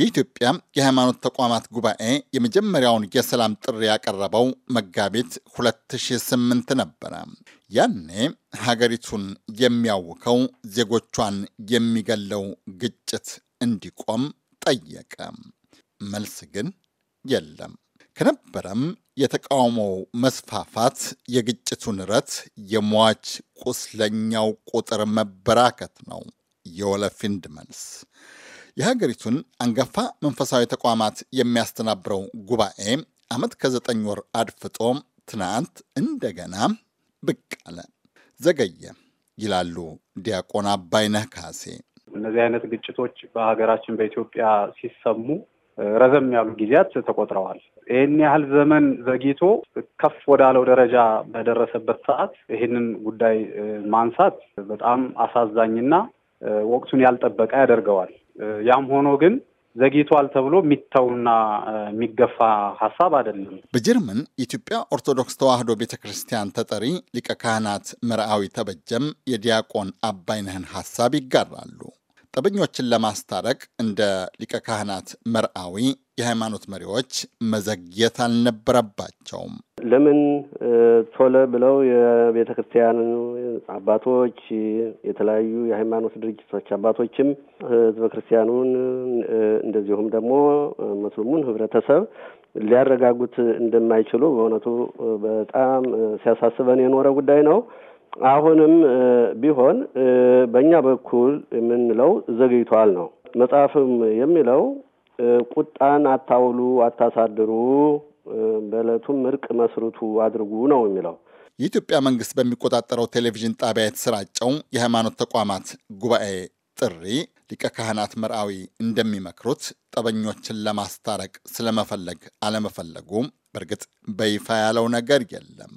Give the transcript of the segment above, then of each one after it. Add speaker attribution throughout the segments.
Speaker 1: የኢትዮጵያ የሃይማኖት ተቋማት ጉባኤ የመጀመሪያውን የሰላም ጥሪ ያቀረበው መጋቢት 2008 ነበረ። ያኔ ሀገሪቱን የሚያውከው ዜጎቿን የሚገለው ግጭት እንዲቆም ጠየቀ። መልስ ግን የለም። ከነበረም የተቃውሞው መስፋፋት፣ የግጭቱ ንረት፣ የሟች ቁስለኛው ቁጥር መበራከት ነው የወለፊንድ መልስ። የሀገሪቱን አንጋፋ መንፈሳዊ ተቋማት የሚያስተናብረው ጉባኤ ዓመት ከዘጠኝ ወር አድፍጦ ትናንት እንደገና ብቅ አለ። ዘገየ ይላሉ ዲያቆን
Speaker 2: አባይነህ ካሴ። እነዚህ አይነት ግጭቶች በሀገራችን በኢትዮጵያ ሲሰሙ ረዘም ያሉ ጊዜያት ተቆጥረዋል። ይህን ያህል ዘመን ዘግይቶ ከፍ ወዳለው ደረጃ በደረሰበት ሰዓት ይህንን ጉዳይ ማንሳት በጣም አሳዛኝና ወቅቱን ያልጠበቀ ያደርገዋል። ያም ሆኖ ግን ዘግይቷል ተብሎ የሚተውና የሚገፋ ሀሳብ አይደለም።
Speaker 1: በጀርመን የኢትዮጵያ ኦርቶዶክስ ተዋህዶ ቤተ ክርስቲያን ተጠሪ ሊቀ ካህናት መርአዊ ተበጀም የዲያቆን አባይነህን ሀሳብ ይጋራሉ። ጠበኞችን ለማስታረቅ እንደ ሊቀ ካህናት መርአዊ የሃይማኖት መሪዎች መዘግየት አልነበረባቸውም።
Speaker 3: ለምን ቶሎ ብለው የቤተ አባቶች፣ የተለያዩ የሃይማኖት ድርጅቶች አባቶችም ህዝበ ክርስቲያኑን እንደዚሁም ደግሞ መስሉሙን ህብረተሰብ ሊያረጋጉት እንደማይችሉ በእውነቱ በጣም ሲያሳስበን የኖረ ጉዳይ ነው። አሁንም ቢሆን በእኛ በኩል የምንለው ዘግይቷል ነው። መጽሐፍም የሚለው ቁጣን አታውሉ፣ አታሳድሩ፣ በዕለቱም እርቅ መስርቱ አድርጉ ነው የሚለው።
Speaker 1: የኢትዮጵያ መንግስት በሚቆጣጠረው ቴሌቪዥን ጣቢያ የተሰራጨው የሃይማኖት ተቋማት ጉባኤ ጥሪ ሊቀ ካህናት መርአዊ እንደሚመክሩት ጠበኞችን ለማስታረቅ ስለመፈለግ አለመፈለጉ በእርግጥ በይፋ ያለው ነገር የለም።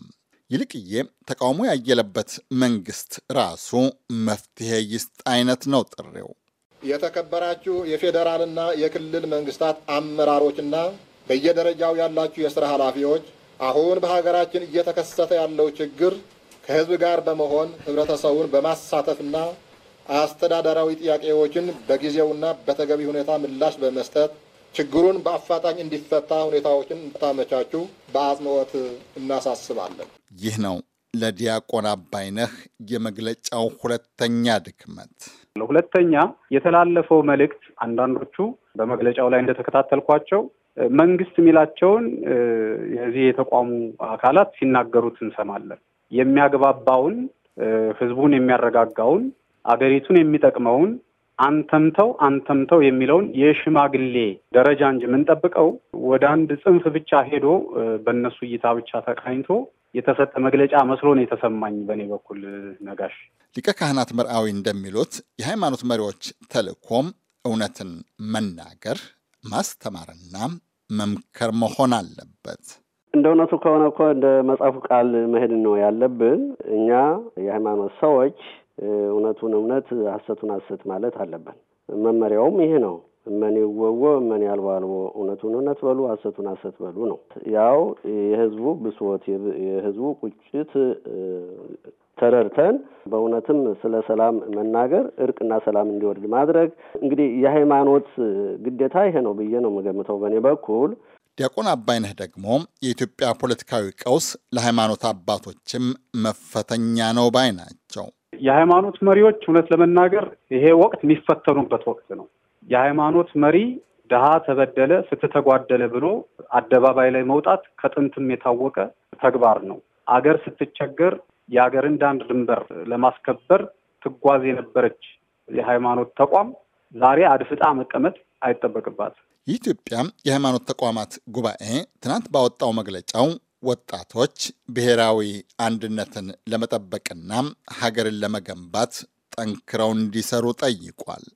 Speaker 1: ይልቅዬ ተቃውሞ ያየለበት መንግስት ራሱ መፍትሄ ይስጥ አይነት ነው ጥሪው። የተከበራችሁ የፌዴራልና የክልል መንግስታት አመራሮችና በየደረጃው ያላችሁ የስራ ኃላፊዎች፣ አሁን በሀገራችን እየተከሰተ ያለው ችግር ከህዝብ ጋር በመሆን ህብረተሰቡን በማሳተፍና አስተዳደራዊ ጥያቄዎችን በጊዜውና በተገቢ ሁኔታ ምላሽ በመስጠት ችግሩን በአፋጣኝ እንዲፈታ ሁኔታዎችን እንድታመቻችሁ በአጽንኦት እናሳስባለን። ይህ ነው ለዲያቆን አባይነህ የመግለጫው
Speaker 2: ሁለተኛ ድክመት። ሁለተኛ የተላለፈው መልእክት አንዳንዶቹ በመግለጫው ላይ እንደተከታተልኳቸው መንግስት የሚላቸውን የዚህ የተቋሙ አካላት ሲናገሩት እንሰማለን። የሚያግባባውን ህዝቡን የሚያረጋጋውን አገሪቱን የሚጠቅመውን አንተምተው አንተምተው የሚለውን የሽማግሌ ደረጃ እንጂ የምንጠብቀው ወደ አንድ ጽንፍ ብቻ ሄዶ በእነሱ እይታ ብቻ ተቃኝቶ የተሰጠ መግለጫ መስሎ ነው የተሰማኝ በእኔ በኩል ነጋሽ። ሊቀ ካህናት
Speaker 1: መርአዊ እንደሚሉት የሃይማኖት መሪዎች ተልእኮም እውነትን መናገር ማስተማርና መምከር መሆን አለበት።
Speaker 3: እንደ እውነቱ ከሆነ እኮ እንደ መጽሐፉ ቃል መሄድ ነው ያለብን። እኛ የሃይማኖት ሰዎች እውነቱን እውነት፣ ሐሰቱን ሐሰት ማለት አለብን። መመሪያውም ይሄ ነው። እመን ይወወ ያልቦ ያልባልቦ እውነቱን እውነት በሉ አሰቱን አሰት በሉ ነው። ያው የህዝቡ ብሶት የህዝቡ ቁጭት ተረድተን በእውነትም ስለ ሰላም መናገር እርቅና ሰላም እንዲወርድ ማድረግ እንግዲህ የሃይማኖት ግዴታ ይሄ ነው ብዬ ነው የምገምተው በእኔ በኩል።
Speaker 1: ዲያቆን አባይነህ ደግሞ የኢትዮጵያ ፖለቲካዊ ቀውስ ለሃይማኖት አባቶችም መፈተኛ ነው ባይ ናቸው።
Speaker 2: የሃይማኖት መሪዎች እውነት ለመናገር ይሄ ወቅት የሚፈተኑበት ወቅት ነው። የሃይማኖት መሪ ድሃ ተበደለ፣ ፍትህ ተጓደለ ብሎ አደባባይ ላይ መውጣት ከጥንትም የታወቀ ተግባር ነው። አገር ስትቸገር የአገርን ዳር ድንበር ለማስከበር ትጓዝ የነበረች የሃይማኖት ተቋም ዛሬ አድፍጣ መቀመጥ አይጠበቅባት።
Speaker 1: የኢትዮጵያ የሃይማኖት ተቋማት ጉባኤ ትናንት ባወጣው መግለጫው ወጣቶች ብሔራዊ አንድነትን ለመጠበቅና ሀገርን ለመገንባት ጠንክረው እንዲሰሩ ጠይቋል።